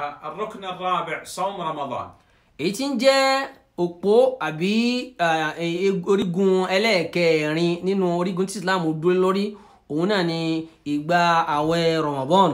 الركن الرابع صوم رمضان èyí tí ń jẹ́ òpó àbí e, e, orígun ẹlẹ́ẹ̀kẹrin nínú orígun tí Islam dúró lórí òun náà ni ìgbà àwẹ̀ Ramadan